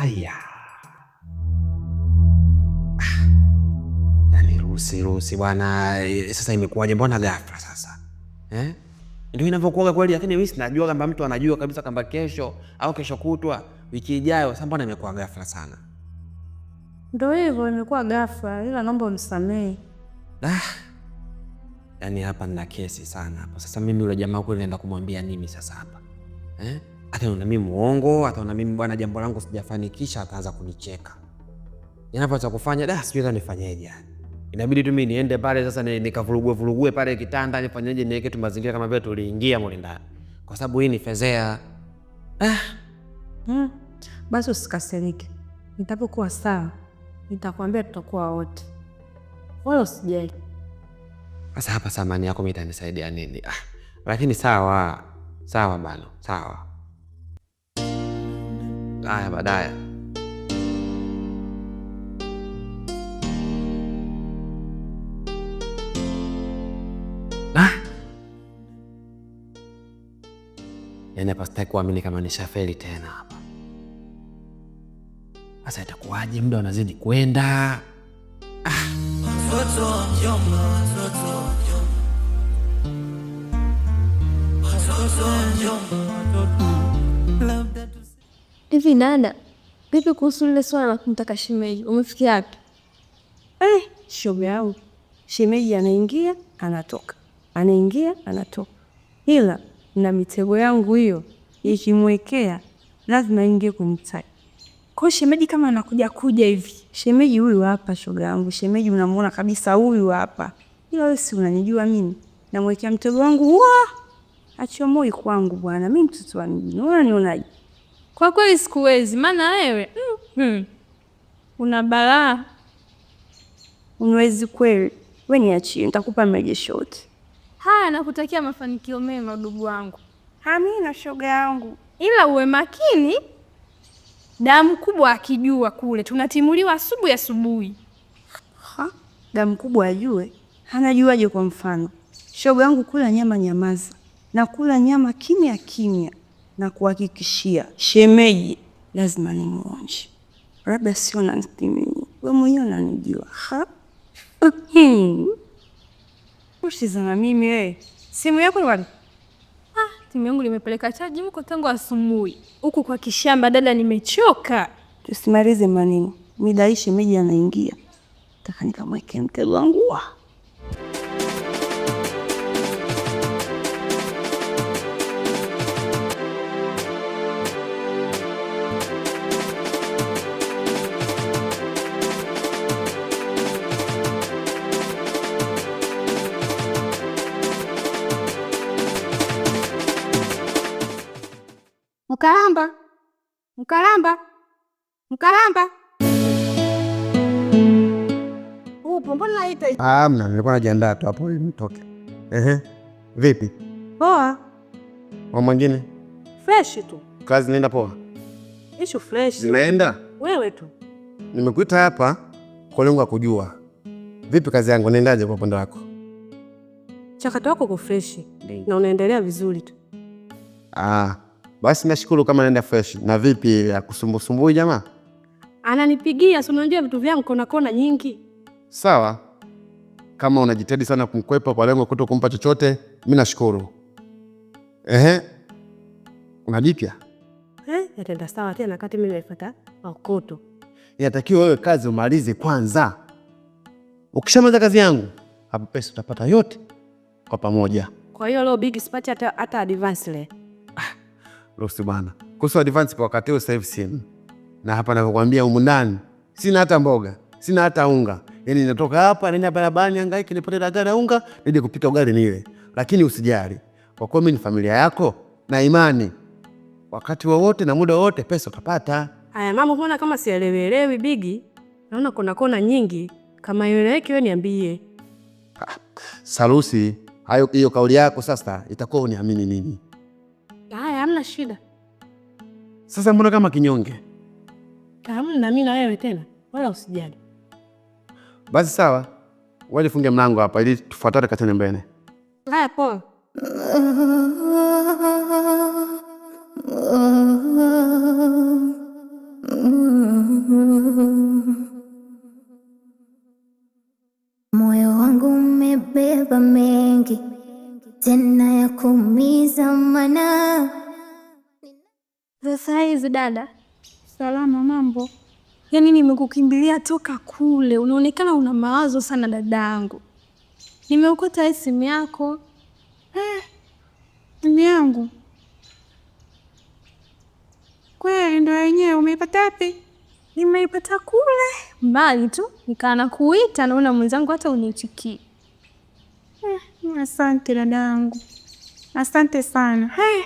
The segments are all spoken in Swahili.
Aya, yaani ruhusi ruhusi bwana, eh, sasa imekuwaje? Mbona ghafla sasa eh? Ndio inavyokuwa kweli, lakini mimi sinajua kwamba mtu anajua kabisa kwamba kesho au kesho kutwa, wiki ijayo. Sasa mbona imekuwa ghafla sana? Ndio hivyo, imekuwa ghafla, ila naomba msamehe. Ah, yaani hapa nina kesi sana hapa. Sasa mimi yule jamaa kule naenda kumwambia nini sasa hapa eh? ataona mimi muongo, ataona mimi bwana, jambo langu sijafanikisha, ataanza kunicheka. Ninapoanza kufanya da, sijui nifanyeje, yaani. inabidi tu mimi niende pale sasa nikavurugue vurugue pale kitanda, nifanyeje, niweke tu mazingira kama vile tuliingia mule ndani, kwa sababu hii ni fedhea. Ah, hmm. Basi usikasirike, nitapokuwa sawa nitakwambia, tutakuwa wote, wala usijali. Sasa hapa samani yako mimi itanisaidia nini? Ah, lakini sawa sawa bano, sawa ได้ปะได้อะนะ yaani hapa sitaki kuamini kama nishafeli tena hapa. Sasa itakuwaje? Muda unazidi kwenda. Ah. Hivi dada, vipi kuhusu lile swala la kumtaka shemeji, umefikia wapi? Eh, shoga yangu, shemeji anaingia anatoka, anaingia anatoka, ila na mitego yangu hiyo ikimwekea lazima ingie kumtaka kwa shemeji. Kama anakuja kuja hivi, shemeji huyu hapa, shoga yangu, shemeji unamuona kabisa, huyu hapa, ila wewe si unanijua mimi, namwekea mtego wangu, achomoi kwangu bwana, mi mtoto wa mjini, unanionaje? Kwa kweli sikuwezi, maana wewe mm, mm, una balaa. Unawezi kweli? We niachie, nitakupa mrejesho Haya, nakutakia mafanikio mema dugu wangu. Amina shoga yangu, ila uwe makini, damu kubwa akijua kule tunatimuliwa asubuhi asubuhi. Damu kubwa ajue? Anajuaje? Kwa mfano shoga yangu, kula nyama nyamaza, na kula nyama kimya kimya na kuhakikishia shemeji, lazima nimuonje, labda sio nanipimii, we mwenyewe nanijua hmm. na mimi wee. Eh. simu yako ni Ah, simu yangu limepeleka chaji huko tangu asubuhi huku kwa kishamba. Dada, nimechoka. Tusimalize maneno, midaishi meji anaingia, taka nikamweke mtego wangu. Mkalamba, Mkalamba, Mkalamba upo? Mbona naita? Ah, mna nilikuwa najiandaa tu hapo nitoke. Ehe, vipi? Poa. Mama mwingine fresh tu, kazi naenda poa, ishu fresh zinaenda, wewe tu. Nimekuita hapa kwa lengo la kujua vipi kazi yangu naendaje kwa upande wako. Chakato wako uko fresh na unaendelea vizuri tu. Ah, basi nashukuru kama naenda fresh. Na vipi ya kusumbusumbui jamaa? Ananipigia, si unajua vitu vyangu kona kona nyingi. Sawa, kama unajitahidi sana kumkwepa kwa lengo kuto kumpa chochote, mi nashukuru. Ehe, una jipya eh, yatenda sawa tena, kati mimi naifuata makoto. Inatakiwa wewe kazi umalize kwanza. Ukishamaliza kazi yangu, hapo pesa utapata yote kwa pamoja. Kwa hiyo leo big sipati hata advance le Ruhusu bwana. Kuhusu advance kwa wakati huu sasa hivi sina. Na hapa navyokuambia humu ndani sina hata mboga, sina hata unga. Yani natoka hapa nenda barabarani hangaiki nipate dagaa na unga, nije kupika ugali nile. Lakini usijali. Kwa kuwa mimi ni familia yako na imani. Wakati wowote na muda wowote pesa utapata. Aya mama, mbona kama sielewelewi bigi? Naona kuna kona nyingi. Kama ieleweki wewe niambie. Ah, Salusi, hayo hiyo kauli yako sasa itakuwa uniamini nini? hamna shida. Sasa mbona kama kinyonge? Hamna, mimi na wewe tena, wala usijali. Basi sawa, wewe funge mlango hapa ili tufuatane katene mbele. Haya, poa. Moyo wangu umebeba za hizi dada. Salama, mambo? Yaani nimekukimbilia toka kule, unaonekana una mawazo sana dadangu. Nimeukota simu yako. Eh, simu eh, yangu kweli ndo yenyewe. Umeipata wapi? Nimeipata kule mbali tu, nikaana kuita, naona mwenzangu hata uniitikii. Eh, asante dadangu, asante sana. Hey. Eh,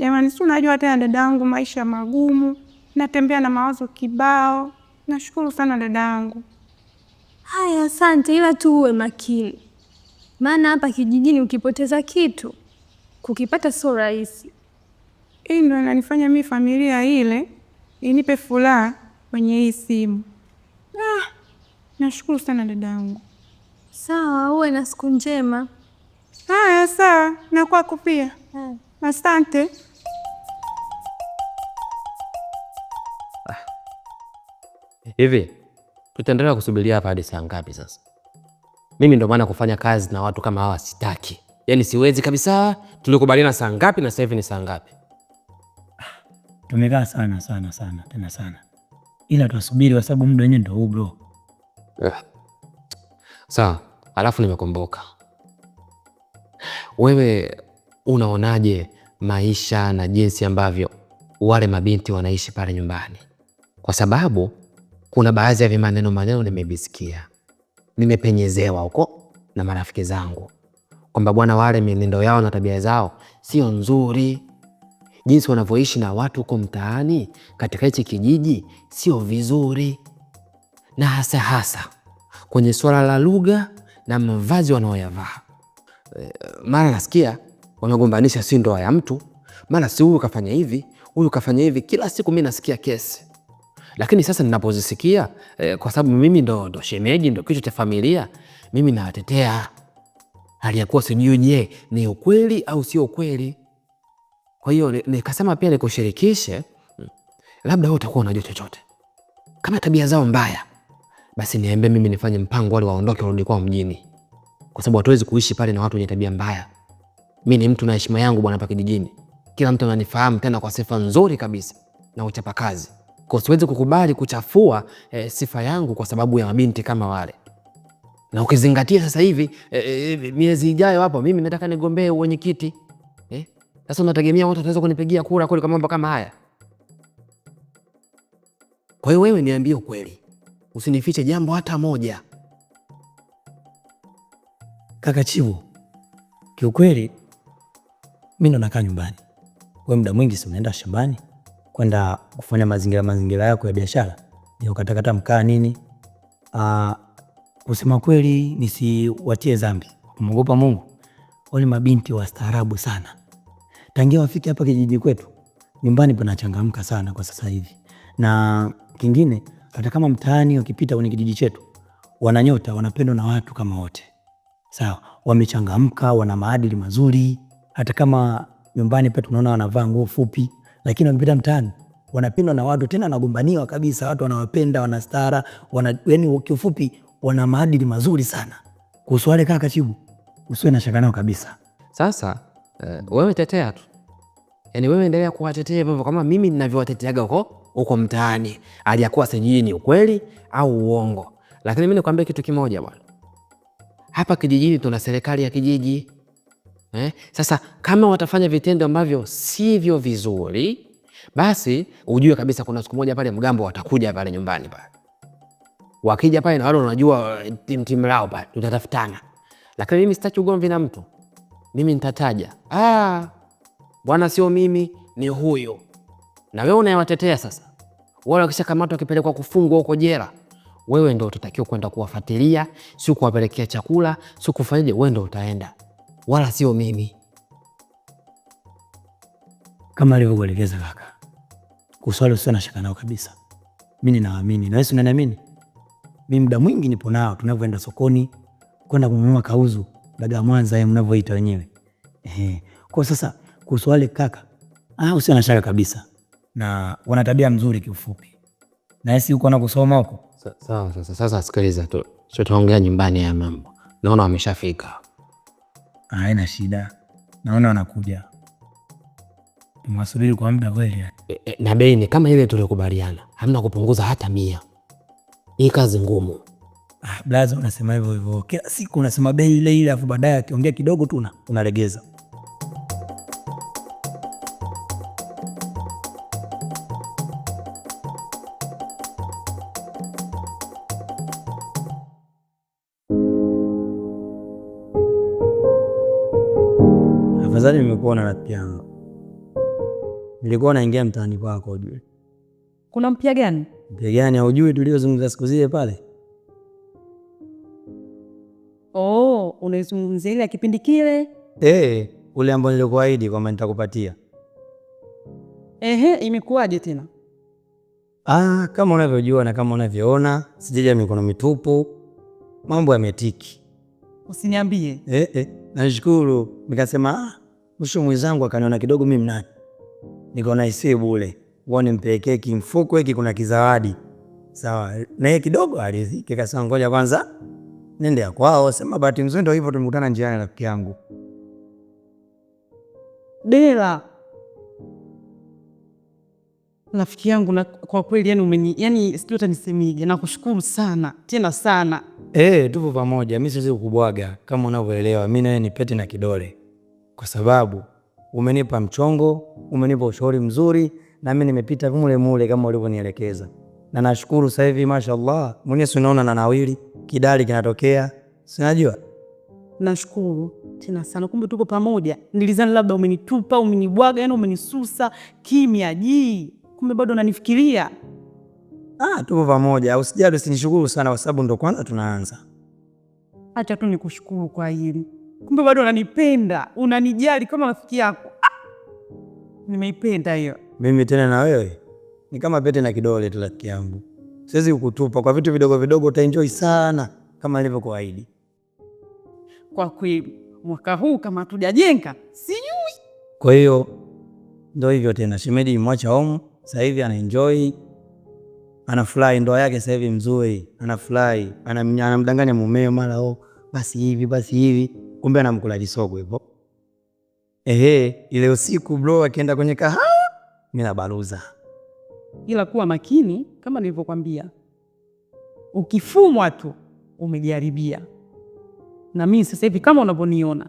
Jamani, si unajua tena dadangu, maisha magumu, natembea na mawazo kibao. Nashukuru sana dadangu. Haya, asante, ila tu uwe makini, maana hapa kijijini ukipoteza kitu kukipata sio rahisi. Hii ndo inanifanya mi familia ile inipe furaha kwenye hii simu. Ah, nashukuru sana dadangu. Sawa, uwe na siku njema. Haya, sawa, kwako pia. Asante. Hivi tutaendelea kusubiria hapa hadi saa ngapi sasa? Mimi ndio maana kufanya kazi na watu kama hawa sitaki, yaani siwezi kabisa. Tulikubaliana saa ngapi na sasa hivi ni saa ngapi? Tumekaa sana sana sana tena sana, ila tuwasubiri kwa sababu muda wenyewe ndio huu bro. Yeah. Sawa, alafu nimekumbuka, Wewe unaonaje maisha na jinsi ambavyo wale mabinti wanaishi pale nyumbani, kwa sababu kuna baadhi ya vimaneno maneno nimevisikia, nimepenyezewa huko na marafiki zangu kwamba bwana, wale mienendo yao na tabia zao sio nzuri, jinsi wanavyoishi na watu huko mtaani katika hichi kijiji sio vizuri, na hasa hasa kwenye swala la lugha na mavazi wanaoyavaa. Eh, mara nasikia wamegombanisha, si ndoa ya mtu, mara si huyu kafanya hivi, huyu kafanya hivi. Kila siku mi nasikia kesi lakini sasa ninapozisikia eh, kwa sababu mimi ndo, ndo shemeji ndo kichwa cha familia, mimi nawatetea hali ya kuwa sijui, nye ni ukweli au sio ukweli? Kwa hiyo nikasema ni pia nikushirikishe, labda wewe utakuwa unajua chochote. Kama tabia zao mbaya, basi niambie, mimi nifanye mpango wale waondoke, warudi kwao mjini, kwa sababu hatuwezi kuishi pale na watu wenye tabia mbaya. Mi ni mtu na heshima yangu bwana, hapa kijijini kila mtu ananifahamu, tena kwa sifa nzuri kabisa na uchapa kazi. Kwa siwezi kukubali kuchafua e, sifa yangu kwa sababu ya mabinti kama wale. Na ukizingatia sasa hivi e, e, miezi ijayo hapo mimi nataka nigombee uwenyekiti. Eh? Sasa unategemea watu wataweza kunipigia kura kweli kwa mambo kama haya? Kwa hiyo wewe niambie ukweli. Usinifiche jambo hata moja. Kaka Chivu, kiukweli mimi ndo nakaa nyumbani. we muda mwingi si unaenda shambani? kwenda kufanya mazingira mazingira yako ya biashara ya ukatakata mkaa nini. Ah, kusema kweli nisiwatie dhambi, kumwogopa Mungu, wale mabinti wastaarabu sana. Tangia wafike hapa kijiji kwetu, nyumbani panachangamka sana kwa sasa hivi, na kingine hata kama mtaani wakipita kwenye kijiji chetu wananyota, wanapendwa na watu kama wote sawa, wamechangamka, wana maadili mazuri. Hata kama nyumbani pia tunaona wanavaa nguo fupi, lakini wakipita mtaani wanapendwa na watu, tena wanagombaniwa kabisa, watu wanawapenda, wanastara wana yani, kiufupi wana maadili mazuri sana. Kuhusu wale kaka Chibu, usiwe na shaka nao kabisa. Sasa uh, wewe tetea tu, yani wewe endelea kuwatetea hivyo kama mimi ninavyowateteaga huko huko mtaani, aliyakuwa sijui ni ukweli au uongo, lakini mimi nikwambie kitu kimoja bwana, hapa kijijini tuna serikali ya kijiji Eh? Sasa kama watafanya vitendo ambavyo sivyo vizuri, basi ujue kabisa kuna siku moja pale mgambo watakuja pale nyumbani pale. Wakija pale na wale unajua eh, timu timu lao pale tutatafutana. Lakini mimi sitaki ugomvi na mtu. Mimi nitataja. Ah, bwana sio mimi ni huyo. Na wewe unayewatetea sasa. Wale wakishakamatwa wakipelekwa kufungwa huko jela. Wewe ndio utatakiwa kwenda kuwafuatilia, si kuwapelekea chakula, si kufanyaje, wewe ndio utaenda wala sio mimi. Kama alivyokuelekeza kaka, kuswali usio na shaka nao kabisa. Mimi ninaamini na Yesu unaniamini. Mimi muda mwingi nipo nao, tunavyoenda sokoni kwenda kununua kauzu, ya Mwanza mnavyoita wenyewe. Ehe, kwa sasa kuswali kaka, ah, usio na shaka kabisa, na wana tabia nzuri kiufupi. Na wewe uko na kusoma huko sawa. Sasa sikiliza tu, sio tuongea nyumbani ya mambo, naona wameshafika haina shida, naona wanakuja, mwasubiri kwa muda kweli. E, e, na bei ni kama ile tuliokubaliana, hamna kupunguza hata mia. Hii kazi ngumu. Ah, blaza, unasema hivyo hivyo kila siku, unasema bei ile ile, afu baadaye akiongea kidogo tu unalegeza. Nadhani nimekuona rafiki yangu, nilikuwa naingia mtaani kwako. Ujue kuna mpya gani? Mpya gani? Haujui tuliozungumza siku zile pale? Oh, unaizungumzia ile ya kipindi kile? Hey, eh, ule ambao nilikuahidi kwamba nitakupatia. Ehe, imekuwaje tena? Ah, kama unavyojua na kama unavyoona, sijaja mikono mitupu, mambo yametiki. Usiniambie. Eh, eh, nashukuru. Nikasema ah, Mwisho mwenzangu akaniona kidogo mimi mnani, nikaona isiwe bure, ngoja nimpelekee kimfuko hiki, kuna kizawadi sawa. Na yeye kidogo alizike, kasema ngoja kwanza nende kwao. Sema bahati nzuri ndio hivyo, tumekutana njiani rafiki yangu Dela rafiki yangu na kwa kweli yani umeni yani sijui hata nisemeje, nakushukuru sana tena sana. Eh, tupo pamoja, mimi siwezi kukubwaga kama unavyoelewa, mimi nawe ni pete na kidole kwa sababu umenipa mchongo, umenipa ushauri mzuri, na mimi nimepita mule mule kama ulivyonielekeza, na nashukuru sasa hivi mashaallah, mwenyewe unaona na nawili kidali kinatokea, sinajua nashukuru tena sana. Kumbe tuko pamoja, nilizani labda umenitupa umenibwaga, yani umenisusa kimya jii, kumbe bado unanifikiria. Ah, tuko pamoja. Usijali, usinishukuru sana, kwa sababu ndo kwanza tunaanza. Acha tu nikushukuru kwa hili kumbe bado unanipenda, unanijali kama rafiki yako. Ah, nimeipenda hiyo. Mimi tena na wewe ni kama pete na kidole tu, rafiki yangu, siwezi kukutupa. Kwa vitu vidogo vidogo utaenjoy sana kama ilivyokuahidi. Kwa kweli mwaka huu kama tujajenga sijui. Kwa hiyo ndo hivyo tena, shemeji mwacha homu sasa hivi anaenjoy anafurahi ndoa yake sasa hivi mzuri, anafurahi anamdanganya mumeo mara, oh basi hivi basi hivi kumbe anamkula lisogo hivyo. Ehe, ile usiku bro akienda kwenye kahawa, mimi nabaruza. Ila kuwa makini kama nilivyokwambia, ukifumwa tu umejaribia. Na mimi sasa hivi kama unavyoniona,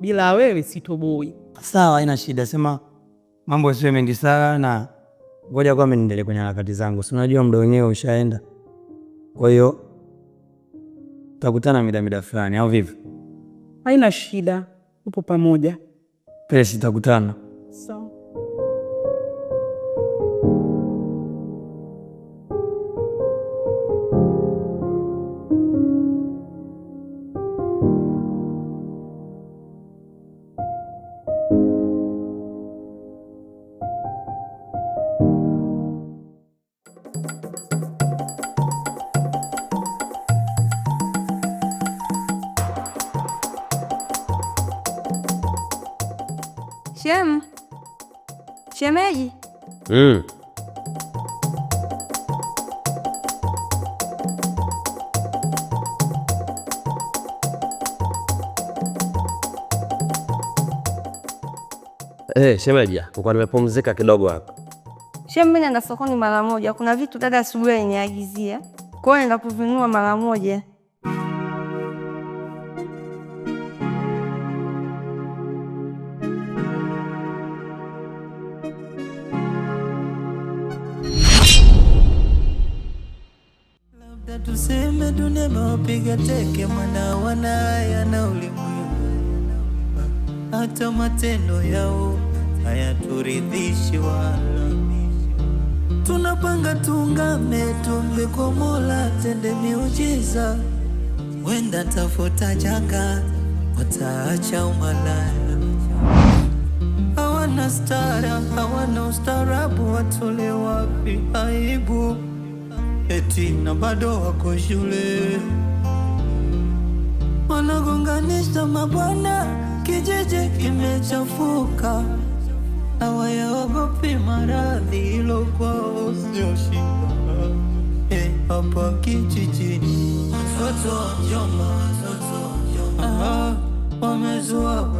bila wewe sitoboi. Sawa, haina shida, sema mambo yasiwe mengi sana, na ngoja kwa mimi niendelee kwenye harakati zangu, si unajua muda wenyewe ushaenda. Kwa hiyo tutakutana mida mida fulani, au vipi? haina shida, upo pamoja, pesa zitakutana. Chemei. Mm. Hey, shemeji, nilikuwa nimepumzika kidogo hapa. Shem, na sokoni mara moja, kuna vitu dada asubuhi aliniagizia, kwa hiyo naenda kuvinunua mara moja. tuseme dunia mapiga teke, mwana wanaya na ulimwengu, hata matendo yao hayaturidhishi wala. Tunapanga tungame, tumbe kwa Mola, tende miujiza, wenda tafuta janga, wataacha umalaya. Hawana stara, hawana ustarabu, watole wapi aibu eti na bado wako shule, wanagonganisha mabwana, kijiji kimechafuka, hawayaogopi maradhi, ilo kwao sio shida. Hey, hapa kijijini watoto wa mjomba wamezua